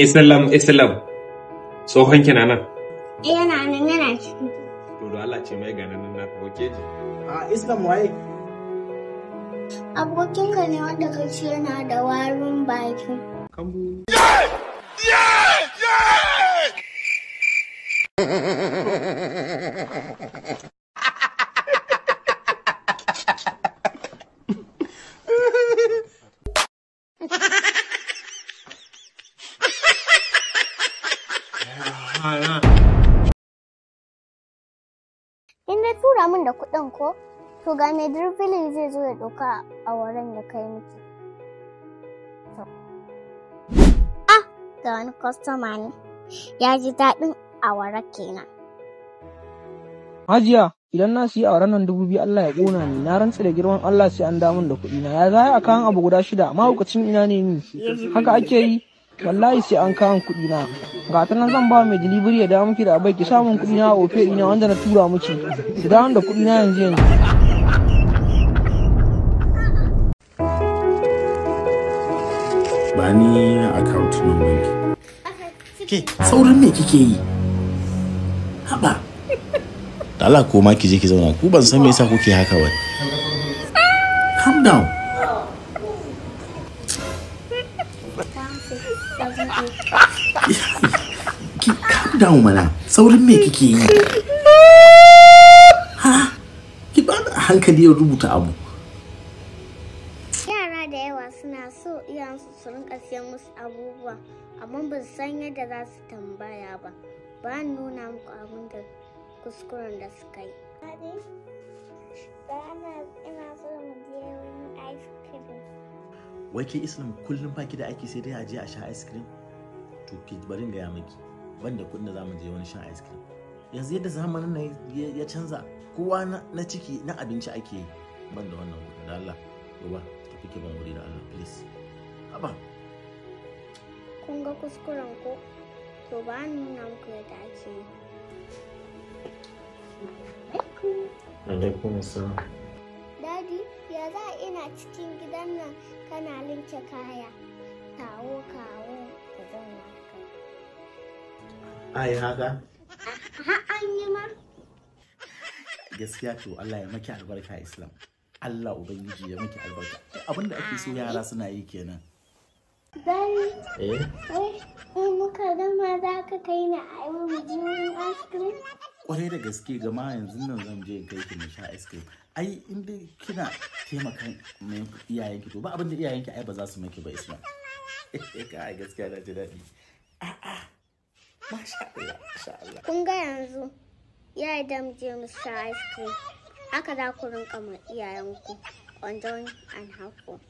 Islam Islam tsohon kina nan? Eh, yana nan yana cikin To da Allah ce mai ganin nan ji. A Islam waye? ka ne wanda ka ce yana da warin baki. Kambu. Yeah! Yeah! Yeah! In na tura min da kuɗin ko, to ga mai dirbili zai zo ya ɗauka a wurin da kai miki. Ah, ga wani kwastoma ne, ya ji daɗin awara kenan. Hajiya, idan na siya awara nan dubu biyu Allah ya ƙona ni, na rantse da girman Allah sai an damun da kuɗi na. Ya za a kayan abu guda shida, mahaukacin ina ne ni, haka ake yi. wallahi sai an kawo kuɗi na ga ta nan zan ba mai delivery ya dawo miki da abai ki samun kuɗi na ofe ina wanda na tura miki ki dawo da kuɗi na yanzu yanzu ba ni account number ki saurin me kike yi haba Allah ko ma ki je ki zauna ku ban san me yasa kuke haka ba calm down Ki calm down mana, saurin me kike yi? Ha? Ki ba hankali ya rubuta abu. Yara da yawa suna so iyansu su rinka siyan musu abubuwa, amma ba su san yadda za su tambaya ba. Ba nuna muku abin da kuskuren da suka yi. Ba ina so mu je wurin ice cream. wai ke islam kullum baki da ake sai dai a je a sha ice cream to ki bari gaya miki banda kudin da zamu je wani sha ice cream yanzu yadda zamanin nan ya canza kowa na ciki na abinci ake yi banda wannan kudin da Allah yawa ki fike ban wuri da Allah please haba kun ga kuskuren ko to ba ni nuna muku yadda ake yi alaikum assalam kana linke kaya kawo kawo ka zauna ai haka an yi ma gaskiya to Allah ya maki albarka islam Allah ubangiji ya maki albarka abinda ake so yara suna yi kenan Bari, eh? in muka gama za ka kai ni a yi ice cream? Kwarai da gaske gama yanzu nan zan je kai ki na sha ice cream. ai in dai kina taimakan iyayenki to ba abin da iyayenki ai ba za su maki ba isma kai gaskiya na ji daɗi a'a masha Allah masha Allah kun ga yanzu yayi da mu je mu sha ice cream haka za ku rinka ma iyayenku on don an hako